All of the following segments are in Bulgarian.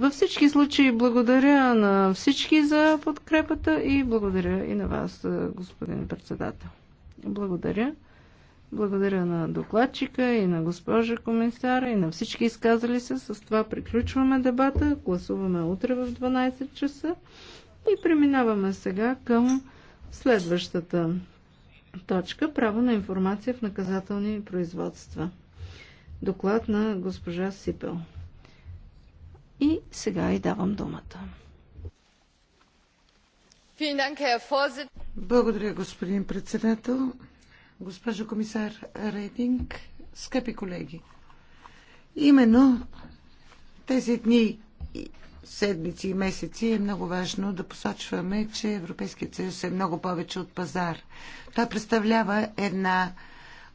Във всички случаи благодаря на всички за подкрепата и благодаря и на вас, е, господин председател. Благодаря. Благодаря на докладчика и на госпожа комисара и на всички изказали се. С това приключваме дебата. Гласуваме утре в 12 часа и преминаваме сега към следващата точка право на информация в наказателни производства. Доклад на госпожа Сипел. И сега и давам думата. Благодаря, господин председател. Госпожо комисар Рейдинг, скъпи колеги, именно тези дни, седмици и месеци е много важно да посочваме, че Европейският съюз е много повече от пазар. Той представлява една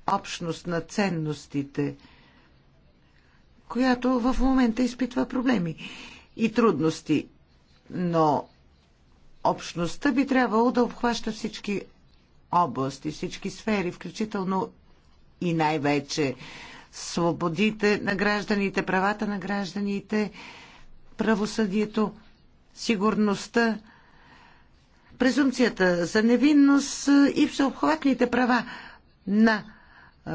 общност на ценностите – която в момента изпитва проблеми и трудности. Но общността би трябвало да обхваща всички области, всички сфери, включително и най-вече свободите на гражданите, правата на гражданите, правосъдието, сигурността, презумцията за невинност и всеобхватните права на е,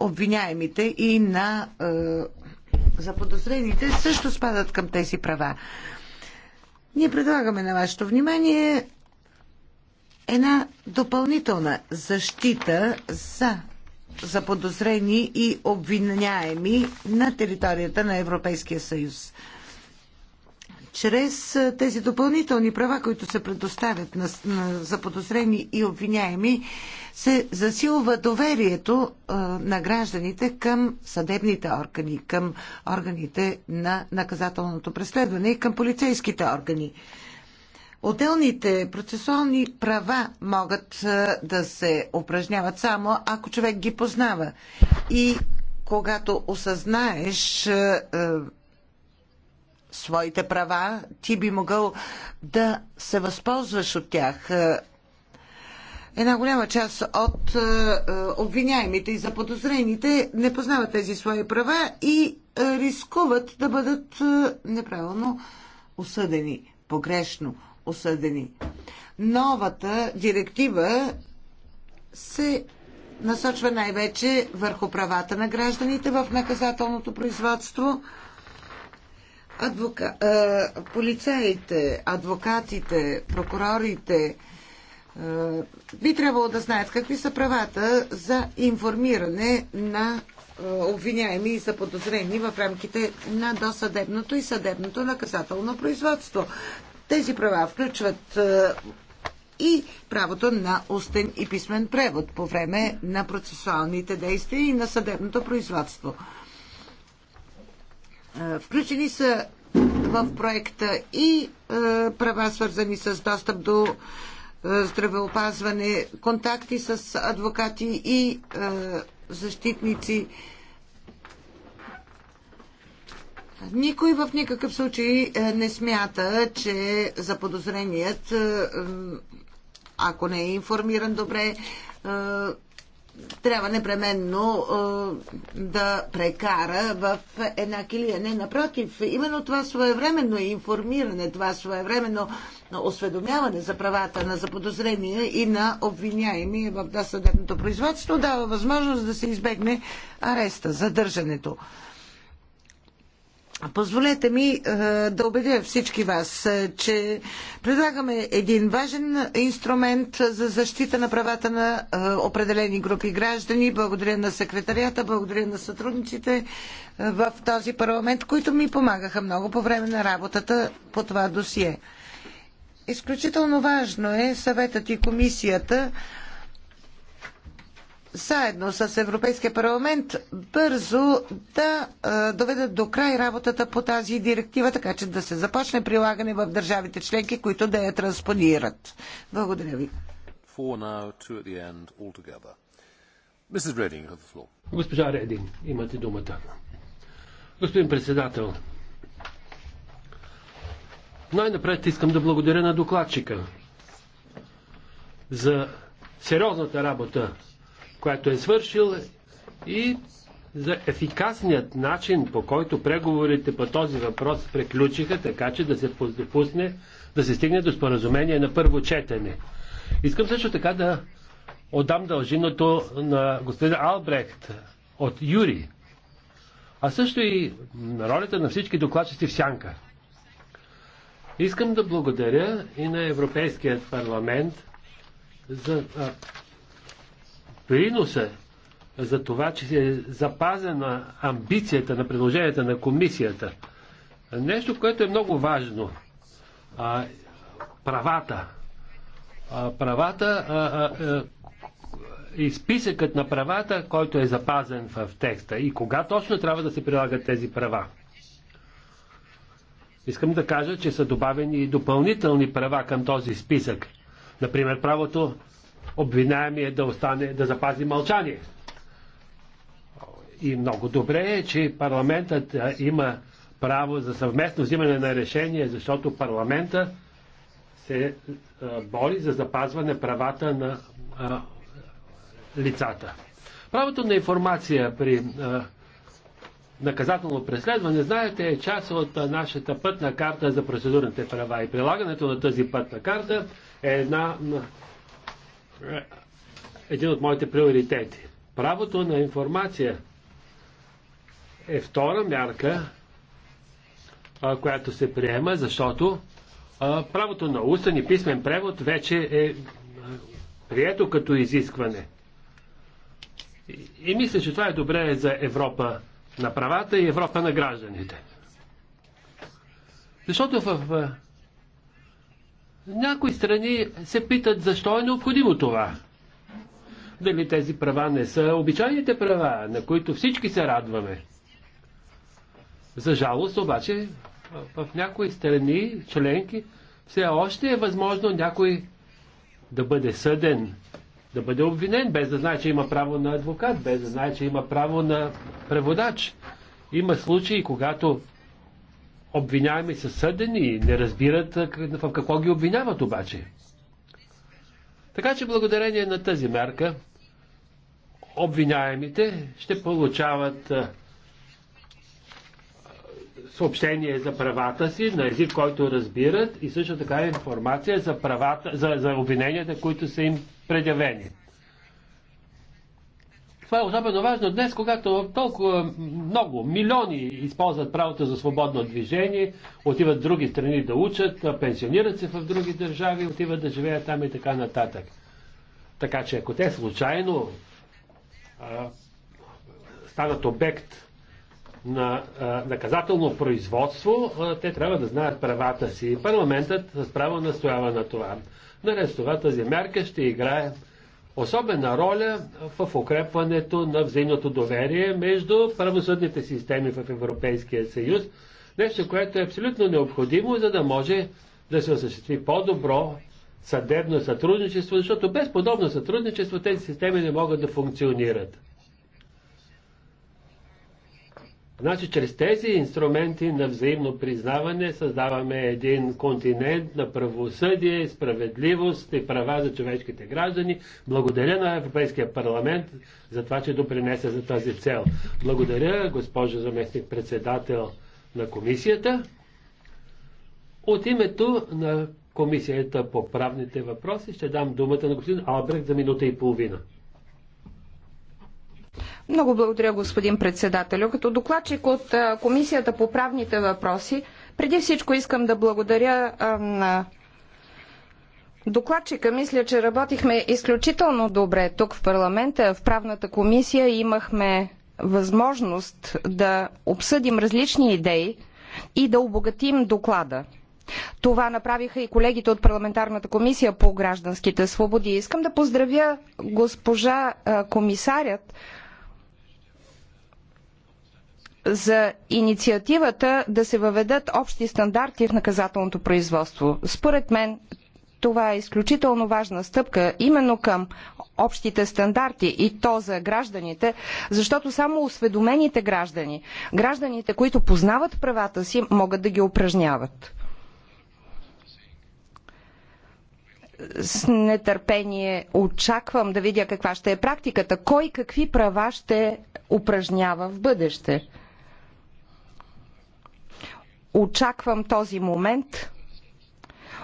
обвиняемите и на е, заподозрените също спадат към тези права. Ние предлагаме на вашето внимание една допълнителна защита за заподозрени и обвиняеми на територията на Европейския съюз чрез тези допълнителни права, които се предоставят на, на заподозрени и обвиняеми, се засилва доверието а, на гражданите към съдебните органи, към органите на наказателното преследване и към полицейските органи. Отделните процесуални права могат а, да се упражняват само ако човек ги познава. И когато осъзнаеш а, своите права, ти би могъл да се възползваш от тях. Е, една голяма част от е, е, обвиняемите и заподозрените не познават тези свои права и рискуват да бъдат неправилно осъдени, погрешно осъдени. Новата директива се насочва най-вече върху правата на гражданите в наказателното производство – адвока... полицаите, адвокатите, прокурорите би трябвало да знаят какви са правата за информиране на обвиняеми и заподозрени в рамките на досъдебното и съдебното наказателно производство. Тези права включват и правото на устен и писмен превод по време на процесуалните действия и на съдебното производство. Включени са в проекта и права свързани с достъп до здравеопазване, контакти с адвокати и защитници. Никой в никакъв случай не смята, че заподозреният, ако не е информиран добре, трябва непременно е, да прекара в една килия. Не, напротив, именно това своевременно информиране, това своевременно осведомяване за правата на заподозрения и на обвиняеми в съдебното производство дава възможност да се избегне ареста, задържането. Позволете ми е, да убедя всички вас, е, че предлагаме един важен инструмент за защита на правата на е, определени групи граждани. Благодаря на секретарията, благодаря на сътрудниците в този парламент, които ми помагаха много по време на работата по това досие. Изключително важно е съветът и комисията заедно с Европейския парламент бързо да доведат до край работата по тази директива, така че да се започне прилагане в държавите членки, които да я транспонират. Благодаря ви. Госпожа Редин, имате думата. Господин председател, най-напред искам да благодаря на докладчика за сериозната работа, която е свършил и за ефикасният начин, по който преговорите по този въпрос приключиха, така че да се допусне да се стигне до споразумение на първо четене. Искам също така да отдам дължиното на господин Албрехт от Юри, а също и на ролята на всички докладчици в Сянка. Искам да благодаря и на Европейският парламент за приноса за това, че се е запазена амбицията на предложенията на комисията. Нещо, което е много важно. А, правата. А, правата а, а, и списъкът на правата, който е запазен в текста. И кога точно трябва да се прилагат тези права. Искам да кажа, че са добавени и допълнителни права към този списък. Например, правото обвиняемия да остане, да запази мълчание. И много добре е, че парламентът има право за съвместно взимане на решение, защото парламента се бори за запазване правата на лицата. Правото на информация при наказателно преследване, знаете, е част от нашата пътна карта за процедурните права. И прилагането на тази пътна карта е една един от моите приоритети. Правото на информация е втора мярка, която се приема, защото правото на устен и писмен превод вече е прието като изискване. И мисля, че това е добре за Европа на правата и Европа на гражданите. Защото в някои страни се питат защо е необходимо това. Дали тези права не са обичайните права, на които всички се радваме. За жалост обаче в някои страни, членки, все още е възможно някой да бъде съден, да бъде обвинен, без да знае, че има право на адвокат, без да знае, че има право на преводач. Има случаи, когато обвиняеми са съдени и не разбират в какво ги обвиняват обаче. Така че благодарение на тази мерка, обвиняемите ще получават съобщение за правата си на език, който разбират и също така информация за, правата, за, за обвиненията, които са им предявени. Това е особено важно днес, когато толкова много, милиони използват правото за свободно движение, отиват в други страни да учат, пенсионират се в други държави, отиват да живеят там и така нататък. Така че ако те случайно а, станат обект на а, наказателно производство, а, те трябва да знаят правата си. Парламентът с право настоява на това. Наред с това тази мярка ще играе особена роля в укрепването на взаимното доверие между правосъдните системи в Европейския съюз, нещо, което е абсолютно необходимо, за да може да се осъществи по-добро съдебно сътрудничество, защото без подобно сътрудничество тези системи не могат да функционират. Значи, чрез тези инструменти на взаимно признаване създаваме един континент на правосъдие, справедливост и права за човешките граждани. Благодаря на Европейския парламент за това, че допринесе за тази цел. Благодаря, госпожо заместник председател на комисията. От името на комисията по правните въпроси ще дам думата на господин Албрех за минута и половина. Много благодаря, господин председателю. Като докладчик от Комисията по правните въпроси, преди всичко искам да благодаря на докладчика. Мисля, че работихме изключително добре тук в парламента, в правната комисия. Имахме възможност да обсъдим различни идеи и да обогатим доклада. Това направиха и колегите от парламентарната комисия по гражданските свободи. Искам да поздравя госпожа комисарят за инициативата да се въведат общи стандарти в наказателното производство. Според мен това е изключително важна стъпка именно към общите стандарти и то за гражданите, защото само осведомените граждани, гражданите, които познават правата си, могат да ги упражняват. С нетърпение очаквам да видя каква ще е практиката, кой какви права ще упражнява в бъдеще. Очаквам този момент.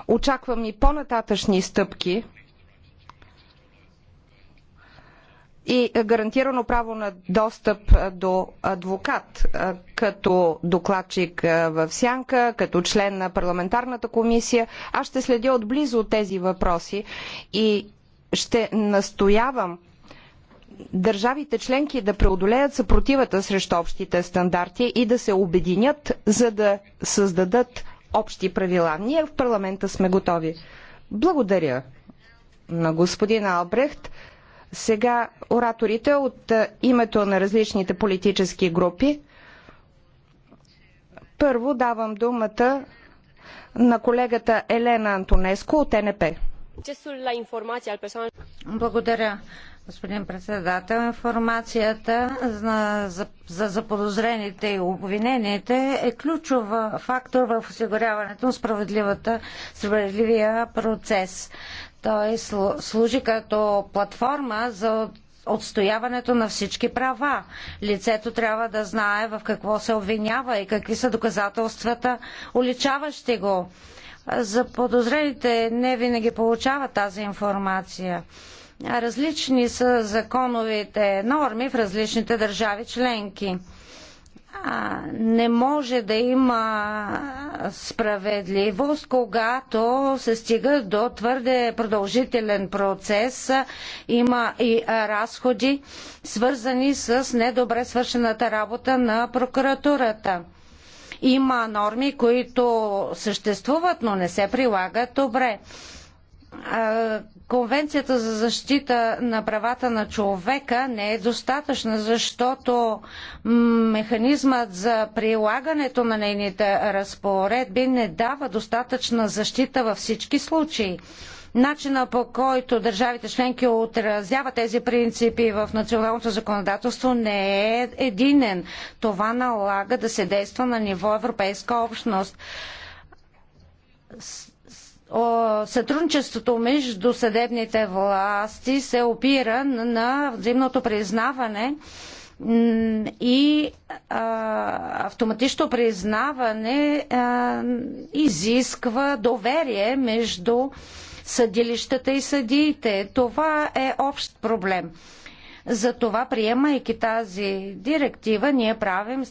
Очаквам и по-нататъчни стъпки и гарантирано право на достъп до адвокат като докладчик в Сянка, като член на парламентарната комисия. Аз ще следя отблизо тези въпроси и ще настоявам държавите членки да преодолеят съпротивата срещу общите стандарти и да се обединят, за да създадат общи правила. Ние в парламента сме готови. Благодаря на господин Албрехт. Сега ораторите от името на различните политически групи. Първо давам думата на колегата Елена Антонеско от НП. Благодаря. Господин председател, информацията за, за, за заподозрените и обвинените е ключов фактор в осигуряването на справедливата, справедливия процес. Той служи като платформа за отстояването на всички права. Лицето трябва да знае в какво се обвинява и какви са доказателствата, уличаващи го. Заподозрените не винаги получава тази информация. Различни са законовите норми в различните държави членки. Не може да има справедливост, когато се стига до твърде продължителен процес. Има и разходи, свързани с недобре свършената работа на прокуратурата има норми, които съществуват, но не се прилагат добре. Конвенцията за защита на правата на човека не е достатъчна, защото механизмът за прилагането на нейните разпоредби не дава достатъчна защита във всички случаи. Начина по който държавите членки отразяват тези принципи в националното законодателство не е единен. Това налага да се действа на ниво Европейска общност сътрудничеството между съдебните власти се опира на взаимното признаване и а, автоматично признаване а, изисква доверие между съдилищата и съдиите. Това е общ проблем. Затова, приемайки тази директива, ние правим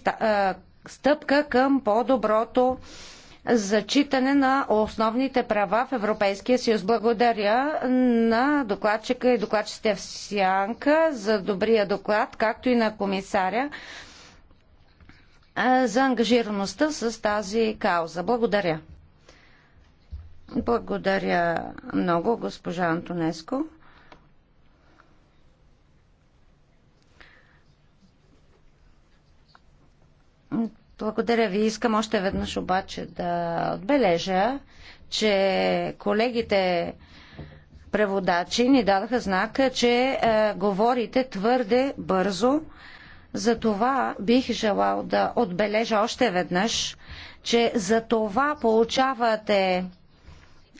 стъпка към по-доброто зачитане на основните права в Европейския съюз. Благодаря на докладчика и докладчите в Сянка за добрия доклад, както и на комисаря за ангажираността с тази кауза. Благодаря. Благодаря много, госпожа Антонеско. Благодаря ви. Искам още веднъж обаче да отбележа, че колегите преводачи ни дадаха знака, че е, говорите твърде бързо. Затова бих желал да отбележа още веднъж, че за това получавате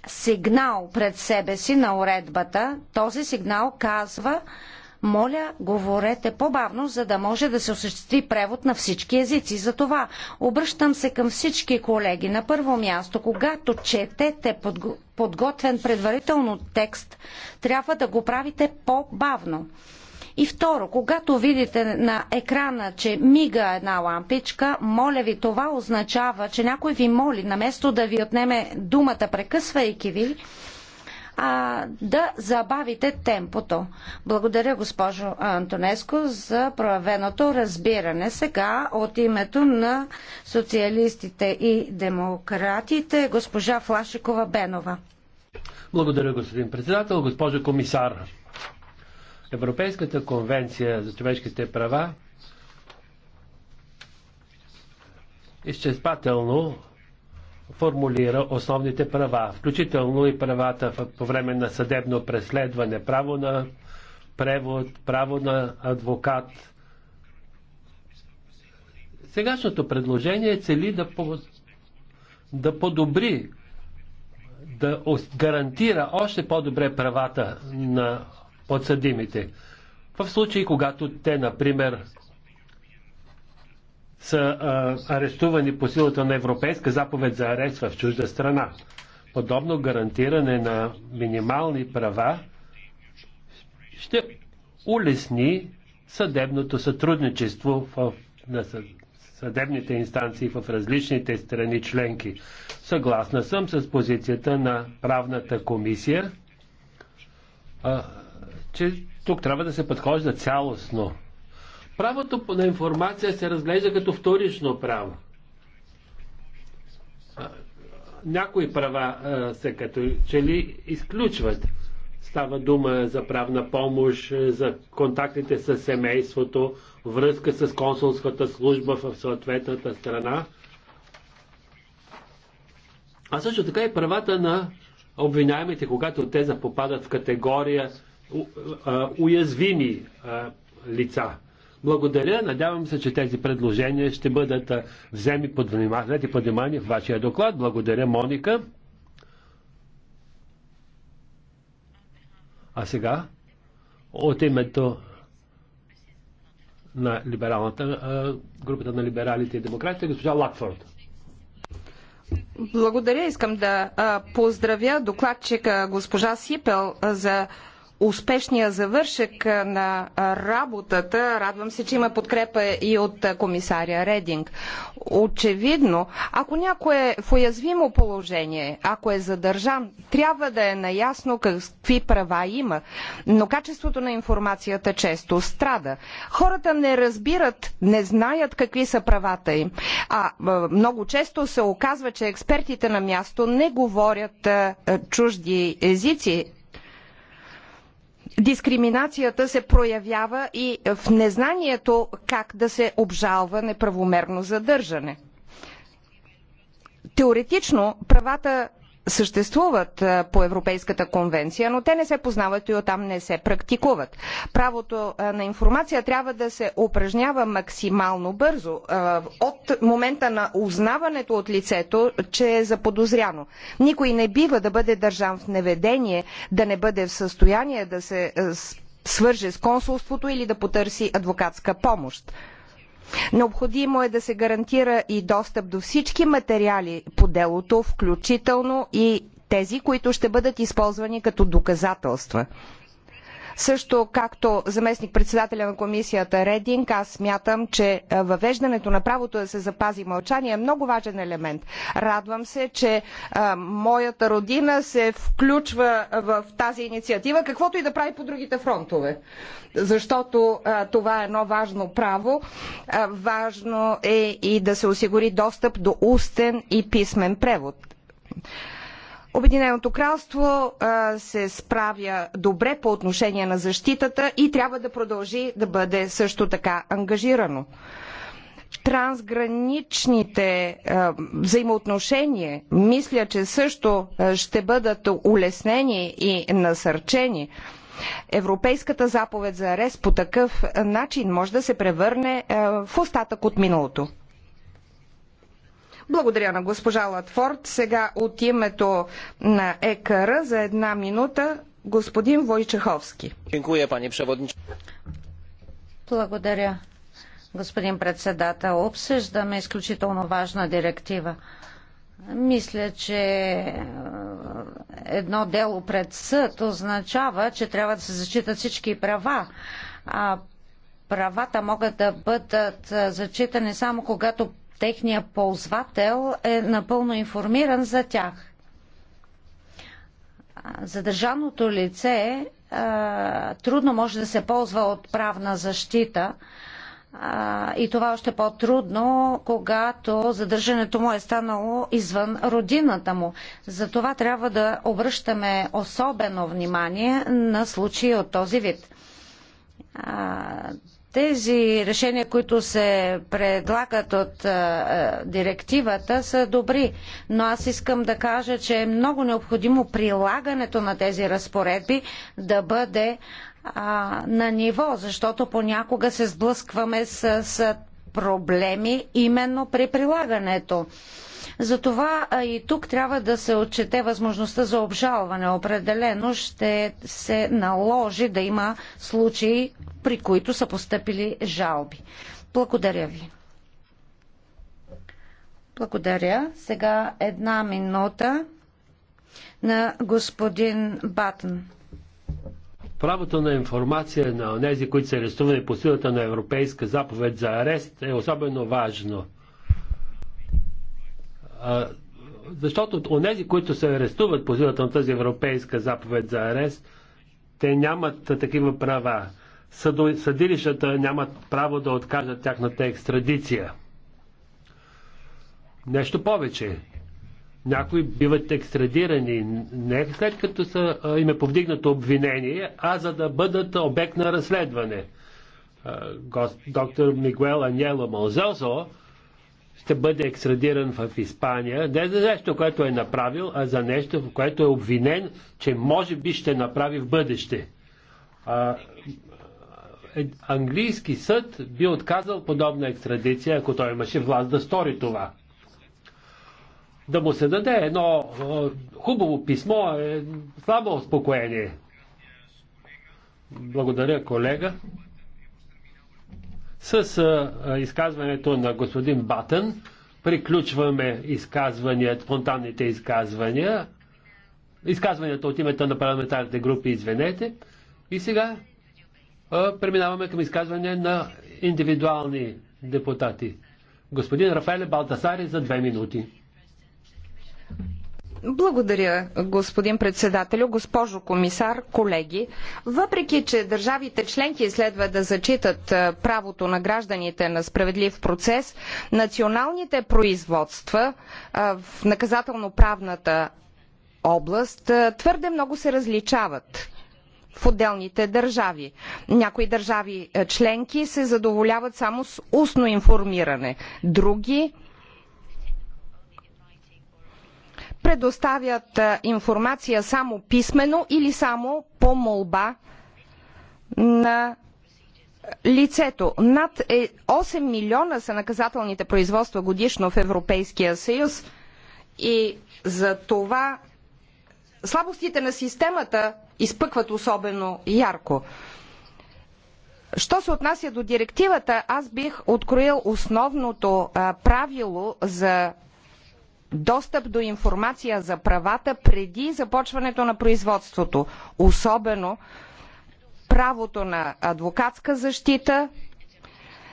сигнал пред себе си на уредбата. Този сигнал казва, моля, говорете по-бавно, за да може да се осъществи превод на всички езици. Затова обръщам се към всички колеги. На първо място, когато четете подготвен предварително текст, трябва да го правите по-бавно. И второ, когато видите на екрана, че мига една лампичка, моля ви, това означава, че някой ви моли, наместо да ви отнеме думата, прекъсвайки ви, а, да забавите темпото. Благодаря, госпожо Антонеско, за проявеното разбиране. Сега от името на социалистите и демократите, госпожа Флашикова Бенова. Благодаря, господин председател, госпожо комисар. Европейската конвенция за човешките права изчезпателно формулира основните права, включително и правата по време на съдебно преследване, право на превод, право на адвокат. Сегашното предложение цели да, по, да подобри, да гарантира още по-добре правата на подсъдимите. В случай, когато те, например, са а, арестувани по силата на европейска заповед за арест в чужда страна. Подобно гарантиране на минимални права ще улесни съдебното сътрудничество в, на съдебните инстанции в различните страни членки. Съгласна съм с позицията на правната комисия, а, че тук трябва да се подхожда цялостно Правото на информация се разглежда като вторично право. Някои права се като че ли изключват. Става дума за правна помощ, за контактите с семейството, връзка с консулската служба в съответната страна. А също така и правата на обвиняемите, когато те запопадат в категория уязвими лица. Благодаря. Надявам се, че тези предложения ще бъдат вземи под внимание, под внимание в вашия доклад. Благодаря, Моника. А сега, от името на либералната, групата на либералите и демократите, госпожа Лакфорд. Благодаря. Искам да поздравя докладчика госпожа Сипел за успешния завършек на работата. Радвам се, че има подкрепа и от комисаря Рединг. Очевидно, ако някой е в уязвимо положение, ако е задържан, трябва да е наясно какви права има. Но качеството на информацията често страда. Хората не разбират, не знаят какви са правата им. А много често се оказва, че експертите на място не говорят чужди езици, дискриминацията се проявява и в незнанието как да се обжалва неправомерно задържане. Теоретично правата съществуват по Европейската конвенция, но те не се познават и оттам не се практикуват. Правото на информация трябва да се упражнява максимално бързо от момента на узнаването от лицето, че е заподозряно. Никой не бива да бъде държан в неведение, да не бъде в състояние да се свърже с консулството или да потърси адвокатска помощ. Необходимо е да се гарантира и достъп до всички материали по делото, включително и тези, които ще бъдат използвани като доказателства. Също както заместник председателя на комисията Рединг, аз смятам, че въвеждането на правото да се запази мълчание е много важен елемент. Радвам се, че а, моята родина се включва в тази инициатива, каквото и да прави по другите фронтове. Защото а, това е едно важно право. А, важно е и да се осигури достъп до устен и писмен превод. Обединеното кралство се справя добре по отношение на защитата и трябва да продължи да бъде също така ангажирано. Трансграничните взаимоотношения, мисля, че също ще бъдат улеснени и насърчени. Европейската заповед за арест по такъв начин може да се превърне в остатък от миналото. Благодаря на госпожа Латфорд. Сега от името на ЕКР за една минута господин Войчеховски. Благодаря, господин председател. Обсъждаме изключително важна директива. Мисля, че е, едно дело пред съд означава, че трябва да се зачитат всички права. А правата могат да бъдат зачитани само когато техния ползвател е напълно информиран за тях. Задържаното лице а, трудно може да се ползва от правна защита а, и това още по-трудно, когато задържането му е станало извън родината му. Затова трябва да обръщаме особено внимание на случаи от този вид. А, тези решения, които се предлагат от директивата, са добри, но аз искам да кажа, че е много необходимо прилагането на тези разпоредби да бъде а, на ниво, защото понякога се сблъскваме с, с проблеми именно при прилагането. Затова и тук трябва да се отчете възможността за обжалване. Определено ще се наложи да има случаи, при които са поступили жалби. Благодаря ви. Благодаря. Сега една минута на господин Батън. Правото на информация на тези, които са арестувани по силата на Европейска заповед за арест е особено важно. Защото онези, които се арестуват по силата на тази европейска заповед за арест, те нямат такива права. Съдилищата нямат право да откажат тяхната екстрадиция. Нещо повече. Някои биват екстрадирани не след като са, а, им е повдигнато обвинение, а за да бъдат обект на разследване. А, гост, доктор Мигуел Аньело Малзелзо ще бъде екстрадиран в Испания, не за нещо, което е направил, а за нещо, в което е обвинен, че може би ще направи в бъдеще. А, е, английски съд би отказал подобна екстрадиция, ако той имаше власт да стори това. Да му се даде едно хубаво писмо е слабо успокоение. Благодаря, колега. С а, изказването на господин Батън приключваме изказвания, спонтанните изказвания, изказванията от името на парламентарните групи, извинете. И сега а, преминаваме към изказване на индивидуални депутати. Господин Рафаеле Балтасари за две минути. Благодаря, господин председателю, госпожо комисар, колеги. Въпреки, че държавите членки следва да зачитат е, правото на гражданите на справедлив процес, националните производства е, в наказателно-правната област е, твърде много се различават в отделните държави. Някои държави членки се задоволяват само с устно информиране, други предоставят информация само писмено или само по молба на лицето. Над 8 е, милиона са наказателните производства годишно в Европейския съюз и за това слабостите на системата изпъкват особено ярко. Що се отнася до директивата, аз бих откроил основното правило за достъп до информация за правата преди започването на производството, особено правото на адвокатска защита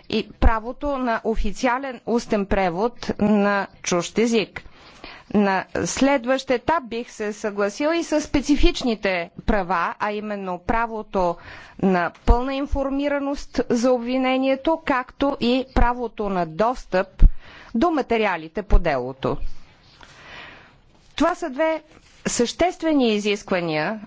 и правото на официален устен превод на чужд език. На следващ етап бих се съгласила и с специфичните права, а именно правото на пълна информираност за обвинението, както и правото на достъп до материалите по делото. Това са две съществени изисквания,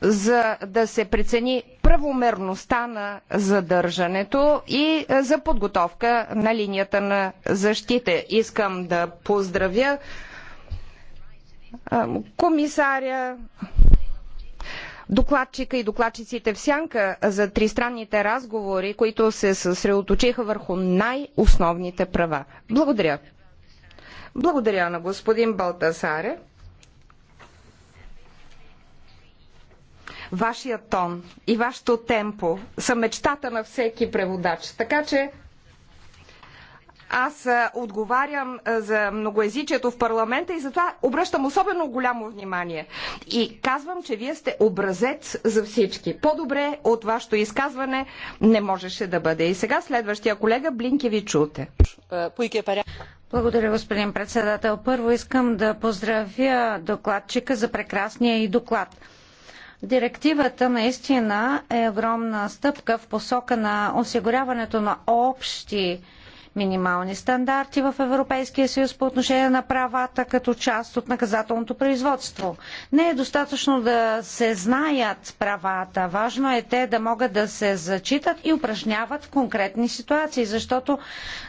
за да се прецени правомерността на задържането и за подготовка на линията на защита. Искам да поздравя комисаря, докладчика и докладчиците в сянка за тристранните разговори, които се съсредоточиха върху най-основните права. Благодаря. Благодаря на господин Балтасаре. Вашия тон и вашето темпо са мечтата на всеки преводач. Така че аз отговарям за многоезичието в парламента и затова обръщам особено голямо внимание. И казвам, че вие сте образец за всички. По-добре от вашето изказване не можеше да бъде. И сега следващия колега Блинки ви чуте. Благодаря, господин председател. Първо искам да поздравя докладчика за прекрасния и доклад. Директивата наистина е огромна стъпка в посока на осигуряването на общи минимални стандарти в Европейския съюз по отношение на правата като част от наказателното производство. Не е достатъчно да се знаят правата. Важно е те да могат да се зачитат и упражняват в конкретни ситуации, защото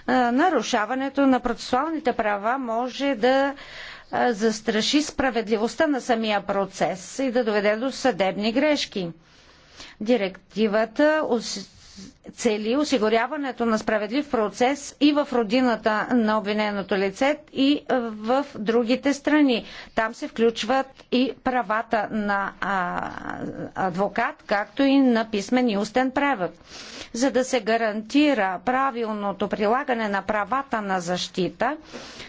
е, нарушаването на процесуалните права може да застраши справедливостта на самия процес и да доведе до съдебни грешки. Директивата цели осигуряването на справедлив процес и в родината на обвиненото лице и в другите страни. Там се включват и правата на адвокат, както и на писмен и устен превод. За да се гарантира правилното прилагане на правата на защита,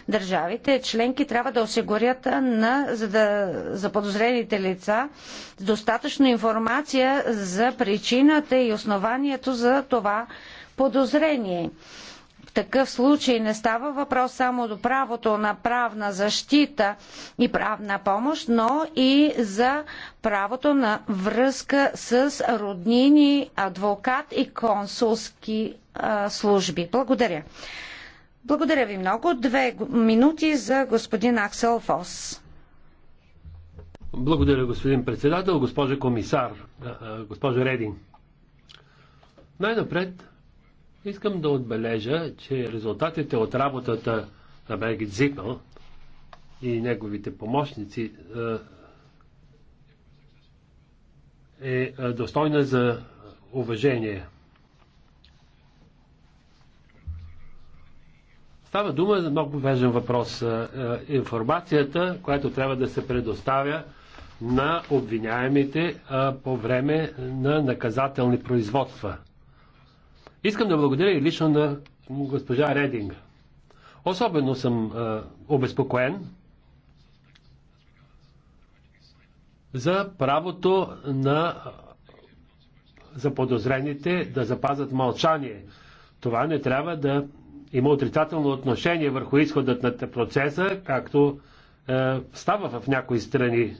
държавите членки трябва да осигурят на за, да, за подозрените лица достатъчно информация за причината и основанието за това подозрение. В такъв случай не става въпрос само до правото на правна защита и правна помощ, но и за правото на връзка с роднини, адвокат и консулски а, служби. Благодаря. Благодаря ви много. Две минути за господин Аксел Фос. Благодаря, господин председател, госпожа комисар, госпожа Редин. Най-напред искам да отбележа, че резултатите от работата на Бергит Зипел и неговите помощници е, е, е достойна за уважение. Става дума за много важен въпрос. Е, информацията, която трябва да се предоставя на обвиняемите по време на наказателни производства. Искам да благодаря и лично на госпожа Рединг. Особено съм а, обезпокоен за правото на за подозрените да запазят мълчание. Това не трябва да има отрицателно отношение върху изходът на процеса, както е, става в някои страни.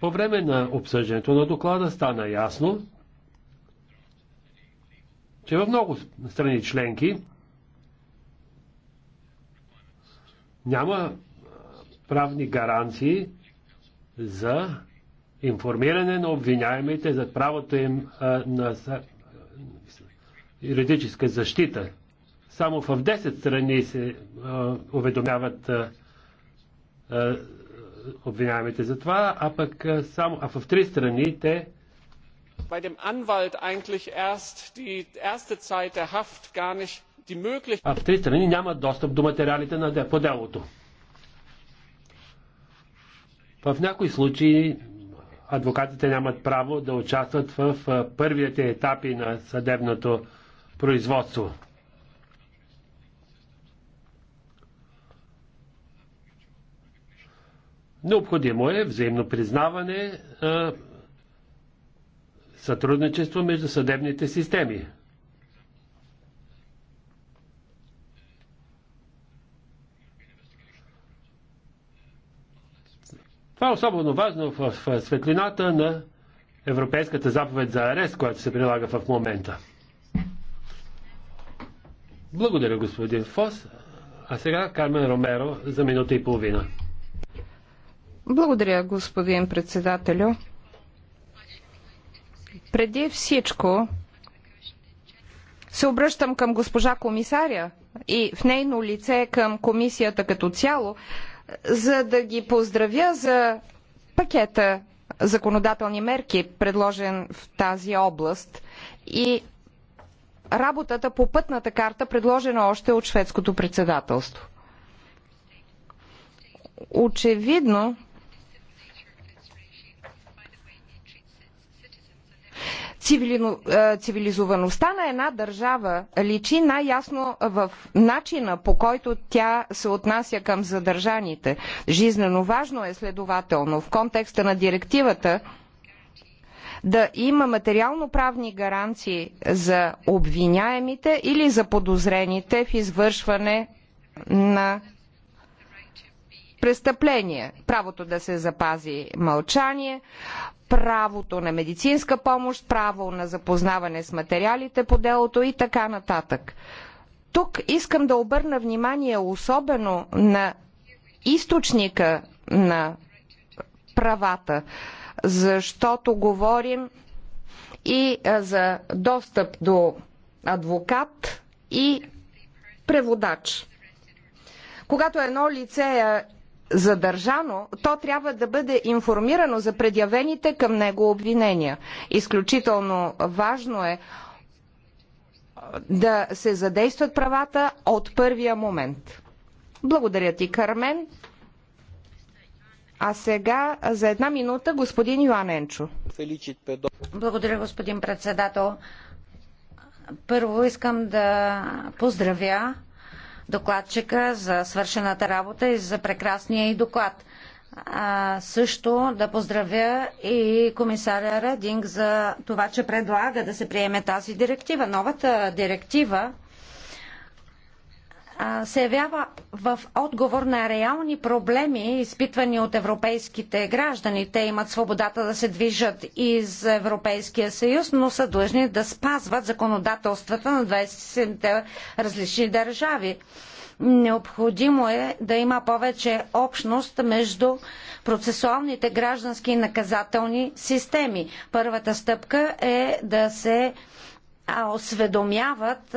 По време на обсъждането на доклада стана ясно, че в много страни членки няма правни гаранции за информиране на обвиняемите за правото им на юридическа защита. Само в 10 страни се уведомяват обвиняемите за това, а пък само а в 3 страни те bei dem Anwalt eigentlich erst die erste Zeit der Haft gar nicht die Möglichkeit. В три страни няма достъп до материалите по делото. В някои случаи адвокатите нямат право да участват в първите етапи на съдебното производство. Необходимо е взаимно признаване сътрудничество между съдебните системи. Това е особено важно в светлината на Европейската заповед за арест, която се прилага в момента. Благодаря, господин Фос. А сега Кармен Ромеро за минута и половина. Благодаря, господин председателю. Преди всичко се обръщам към госпожа комисаря и в нейно лице към комисията като цяло, за да ги поздравя за пакета законодателни мерки, предложен в тази област и работата по пътната карта, предложена още от шведското председателство. Очевидно, Е, цивилизоваността на една държава личи най-ясно в начина по който тя се отнася към задържаните. Жизнено важно е следователно в контекста на директивата да има материално-правни гаранции за обвиняемите или за подозрените в извършване на престъпления. Правото да се запази мълчание, правото на медицинска помощ, право на запознаване с материалите по делото и така нататък. Тук искам да обърна внимание особено на източника на правата, защото говорим и за достъп до адвокат и преводач. Когато едно лице е задържано, то трябва да бъде информирано за предявените към него обвинения. Изключително важно е да се задействат правата от първия момент. Благодаря ти, Кармен. А сега за една минута господин Йоан Енчо. Благодаря, господин председател. Първо искам да поздравя докладчика за свършената работа и за прекрасния и доклад. А, също да поздравя и комисаря Рединг за това, че предлага да се приеме тази директива. Новата директива се явява в отговор на реални проблеми, изпитвани от европейските граждани. Те имат свободата да се движат из Европейския съюз, но са длъжни да спазват законодателствата на 27-те различни държави. Необходимо е да има повече общност между процесуалните граждански и наказателни системи. Първата стъпка е да се осведомяват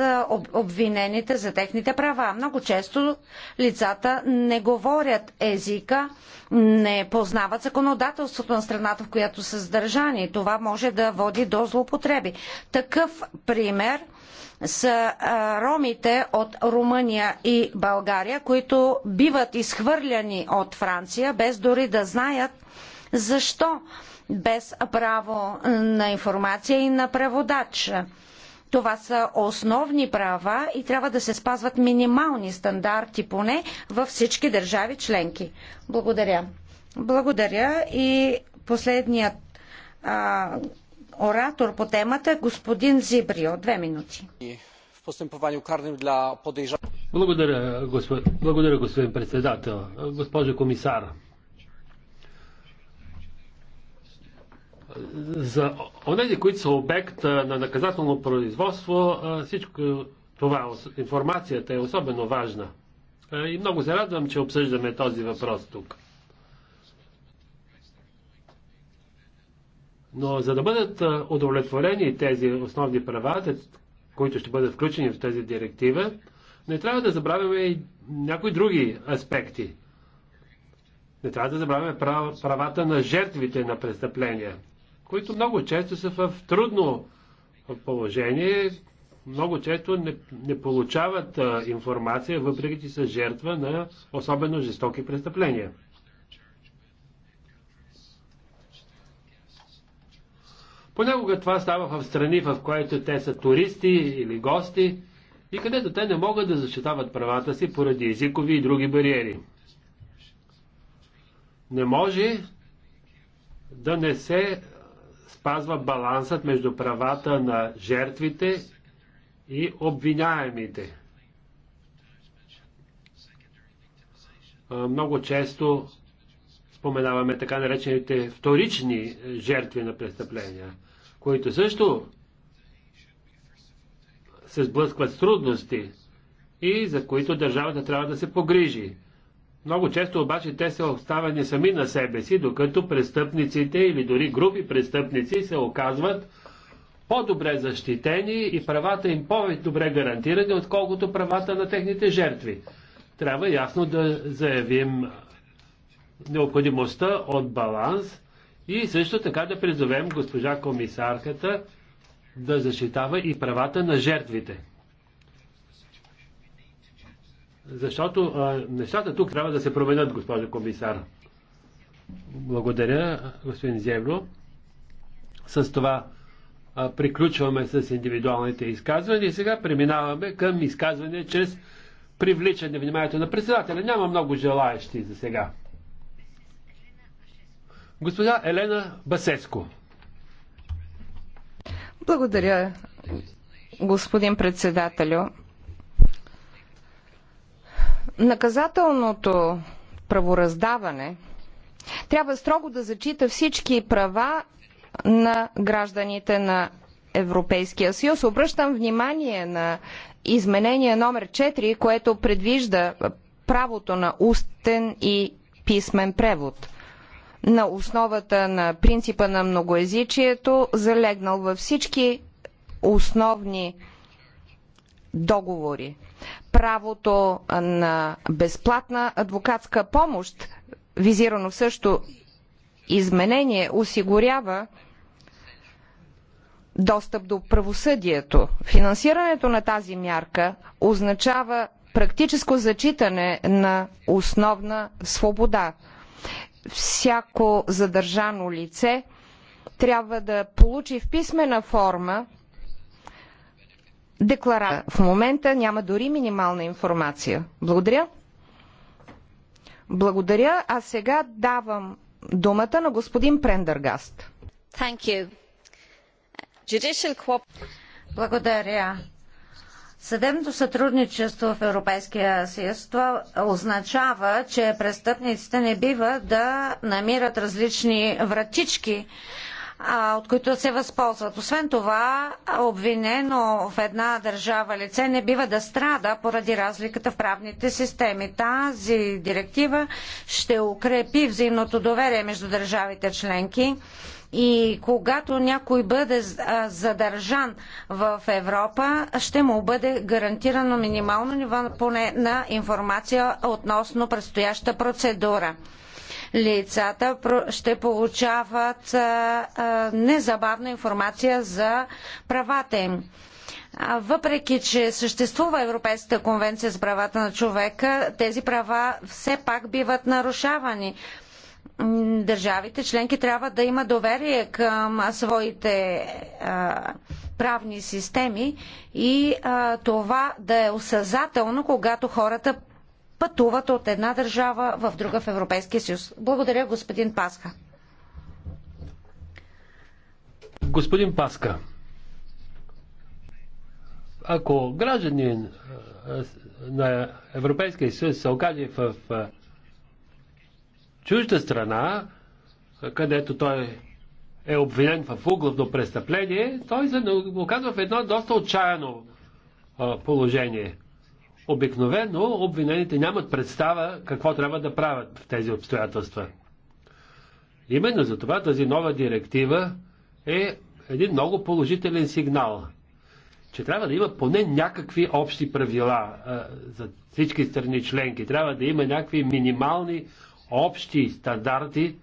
обвинените за техните права. Много често лицата не говорят езика, не познават законодателството на страната, в която са задържани. Това може да води до злоупотреби. Такъв пример са ромите от Румъния и България, които биват изхвърляни от Франция, без дори да знаят защо без право на информация и на преводач. Това са основни права и трябва да се спазват минимални стандарти поне във всички държави членки. Благодаря. Благодаря и последният а, оратор по темата, господин Зибрио. Две минути. для подъжа. благодаря, господин председател. Госпожо комисар. За онези, които са обект на наказателно производство, всичко това, информацията е особено важна. И много се радвам, че обсъждаме този въпрос тук. Но за да бъдат удовлетворени тези основни права, които ще бъдат включени в тази директива, не трябва да забравяме и някои други аспекти. Не трябва да забравяме правата на жертвите на престъпления които много често са в трудно положение, много често не, не получават а, информация, въпреки че са жертва на особено жестоки престъпления. Понякога това става в страни, в които те са туристи или гости и където те не могат да защитават правата си поради езикови и други бариери. Не може да не се спазва балансът между правата на жертвите и обвиняемите. Много често споменаваме така наречените вторични жертви на престъпления, които също се сблъскват с трудности и за които държавата трябва да се погрижи. Много често обаче те са оставени сами на себе си, докато престъпниците или дори групи престъпници се оказват по-добре защитени и правата им по-добре гарантирани, отколкото правата на техните жертви. Трябва ясно да заявим необходимостта от баланс и също така да призовем госпожа комисарката да защитава и правата на жертвите. Защото а, нещата тук трябва да се променят, госпожо комисар. Благодаря, господин Зевро. С това а, приключваме с индивидуалните изказвания и сега преминаваме към изказване чрез привличане вниманието на председателя. Няма много желаящи за сега. Госпожа Елена Басеско. Благодаря, господин председателю наказателното правораздаване трябва строго да зачита всички права на гражданите на Европейския съюз. Обръщам внимание на изменение номер 4, което предвижда правото на устен и писмен превод на основата на принципа на многоязичието, залегнал във всички основни договори правото на безплатна адвокатска помощ, визирано също изменение, осигурява достъп до правосъдието. Финансирането на тази мярка означава практическо зачитане на основна свобода. Всяко задържано лице трябва да получи в писмена форма декларация. В момента няма дори минимална информация. Благодаря. Благодаря. А сега давам думата на господин Прендъргаст. Благодаря. Съдебното сътрудничество в Европейския съюз това означава, че престъпниците не бива да намират различни вратички от които се възползват. Освен това, обвинено в една държава лице не бива да страда поради разликата в правните системи. Тази директива ще укрепи взаимното доверие между държавите членки и когато някой бъде задържан в Европа, ще му бъде гарантирано минимално ниво поне на информация относно предстояща процедура лицата ще получават незабавна информация за правата им. Въпреки, че съществува Европейската конвенция за правата на човека, тези права все пак биват нарушавани държавите членки трябва да има доверие към своите а, правни системи и а, това да е осъзнателно, когато хората пътуват от една държава в друга в Европейския съюз. Благодаря, господин Пасха. Господин Паска, ако гражданин е, на Европейския съюз се окаже в чужда страна, където той е обвинен в угловно престъпление, той се оказва в едно доста отчаяно положение. Обикновено обвинените нямат представа какво трябва да правят в тези обстоятелства. Именно за това тази нова директива е един много положителен сигнал, че трябва да има поне някакви общи правила а, за всички страни членки. Трябва да има някакви минимални общи стандарти,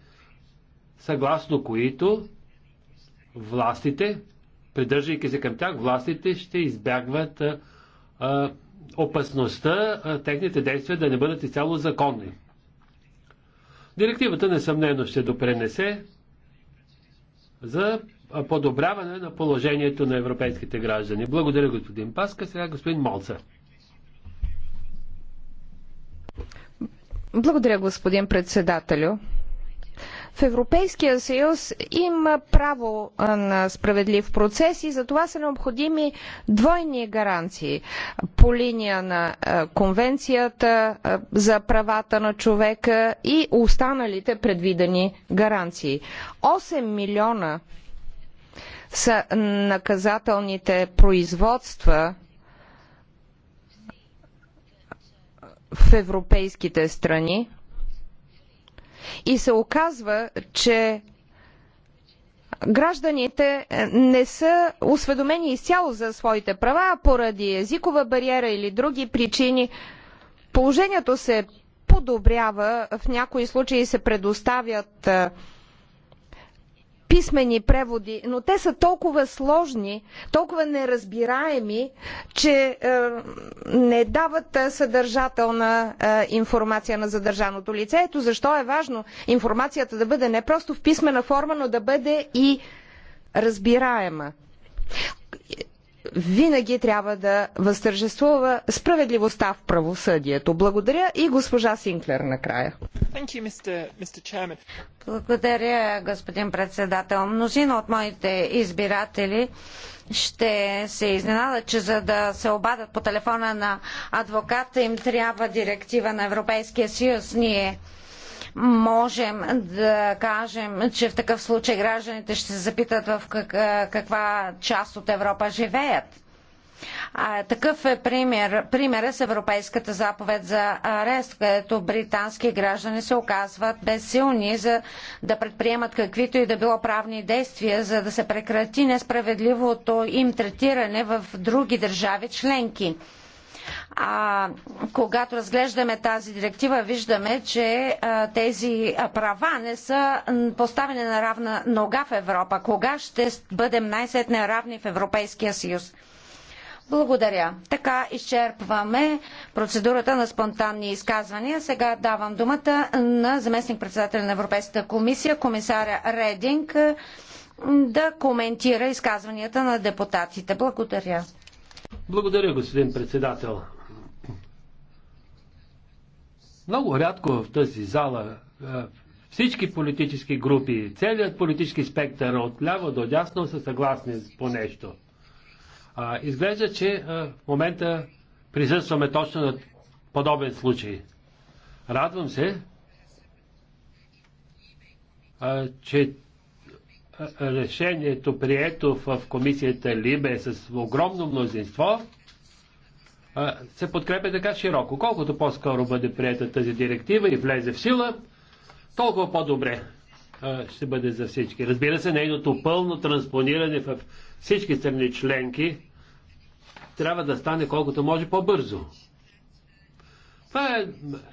съгласно които властите, придържайки се към тях, властите ще избягват а, а, опасността техните действия да не бъдат изцяло законни. Директивата несъмнено ще допренесе за подобряване на положението на европейските граждани. Благодаря, господин Паска. Сега господин Молца. Благодаря, господин председателю в Европейския съюз има право на справедлив процес и за това са необходими двойни гаранции по линия на Конвенцията за правата на човека и останалите предвидени гаранции. 8 милиона са наказателните производства в европейските страни и се оказва, че гражданите не са осведомени изцяло за своите права, а поради езикова бариера или други причини положението се подобрява, в някои случаи се предоставят писмени преводи, но те са толкова сложни, толкова неразбираеми, че е, не дават е, съдържателна е, информация на задържаното лице. Ето защо е важно информацията да бъде не просто в писмена форма, но да бъде и разбираема винаги трябва да възтържествува справедливостта в правосъдието. Благодаря и госпожа Синклер накрая. Благодаря, господин председател. Мнозина от моите избиратели ще се изненадат, че за да се обадат по телефона на адвоката им трябва директива на Европейския съюз. Ние можем да кажем, че в такъв случай гражданите ще се запитат в каква част от Европа живеят. А, такъв е пример, е с Европейската заповед за арест, където британски граждани се оказват безсилни за да предприемат каквито и да било правни действия, за да се прекрати несправедливото им третиране в други държави членки а, когато разглеждаме тази директива, виждаме, че а, тези права не са поставени на равна нога в Европа. Кога ще бъдем най-сетне равни в Европейския съюз? Благодаря. Така изчерпваме процедурата на спонтанни изказвания. Сега давам думата на заместник председателя на Европейската комисия, комисаря Рединг, да коментира изказванията на депутатите. Благодаря. Благодаря, господин председател. Много рядко в тази зала е, всички политически групи, целият политически спектър от ляво до дясно са съгласни по нещо. изглежда, че е, в момента присъстваме точно на подобен случай. Радвам се, е, че решението прието в комисията Либе с огромно мнозинство се подкрепя така широко. Колкото по-скоро бъде прията тази директива и влезе в сила, толкова по-добре ще бъде за всички. Разбира се, нейното пълно транспониране в всички страни членки трябва да стане колкото може по-бързо. Това е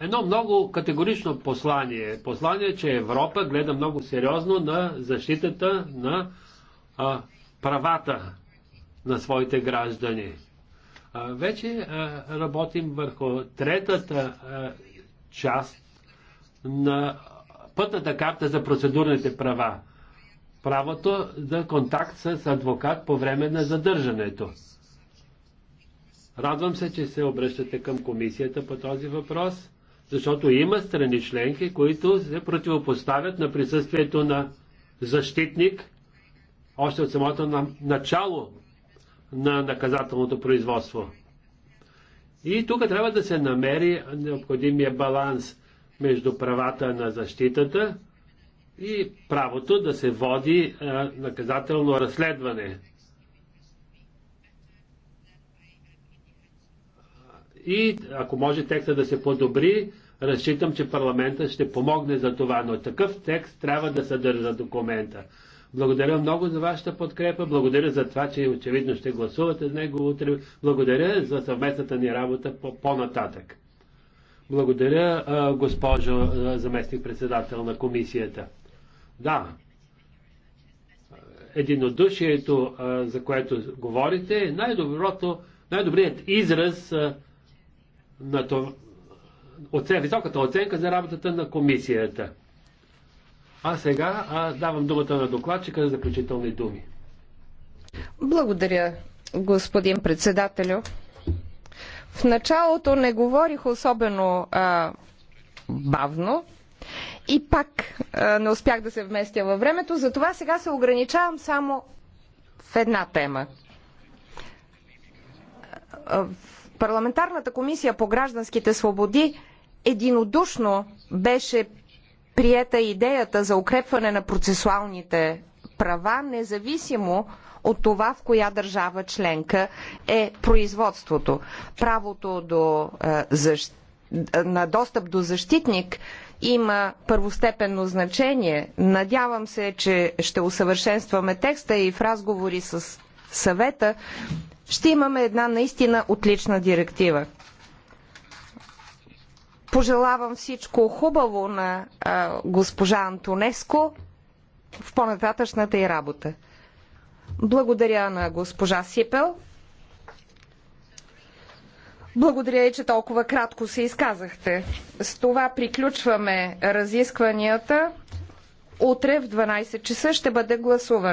едно много категорично послание. Послание, че Европа гледа много сериозно на защитата на а, правата на своите граждани. Вече работим върху третата част на пътната карта за процедурните права. Правото за контакт с адвокат по време на задържането. Радвам се, че се обръщате към комисията по този въпрос, защото има страни членки, които се противопоставят на присъствието на защитник още от самото начало на наказателното производство. И тук трябва да се намери необходимия баланс между правата на защитата и правото да се води наказателно разследване. И ако може текста да се подобри, разчитам, че парламента ще помогне за това, но такъв текст трябва да съдържа документа. Благодаря много за вашата подкрепа. Благодаря за това, че очевидно ще гласувате с него утре. Благодаря за съвместната ни работа по-нататък. Благодаря, госпожо заместник-председател на комисията. Да, единодушието, за което говорите, е най-доброто, най-добрият израз на това, високата оценка за работата на комисията. А сега а, давам думата на докладчика за заключителни думи. Благодаря, господин председателю. В началото не говорих особено а, бавно и пак а, не успях да се вместя във времето, затова сега се ограничавам само в една тема. В парламентарната комисия по гражданските свободи единодушно беше приета идеята за укрепване на процесуалните права, независимо от това в коя държава членка е производството. Правото до, е, защ... на достъп до защитник има първостепенно значение. Надявам се, че ще усъвършенстваме текста и в разговори с съвета ще имаме една наистина отлична директива. Пожелавам всичко хубаво на а, госпожа Антонеско в по-нататъчната й работа. Благодаря на госпожа Сипел. Благодаря и, че толкова кратко се изказахте. С това приключваме разискванията. Утре в 12 часа ще бъде гласуване.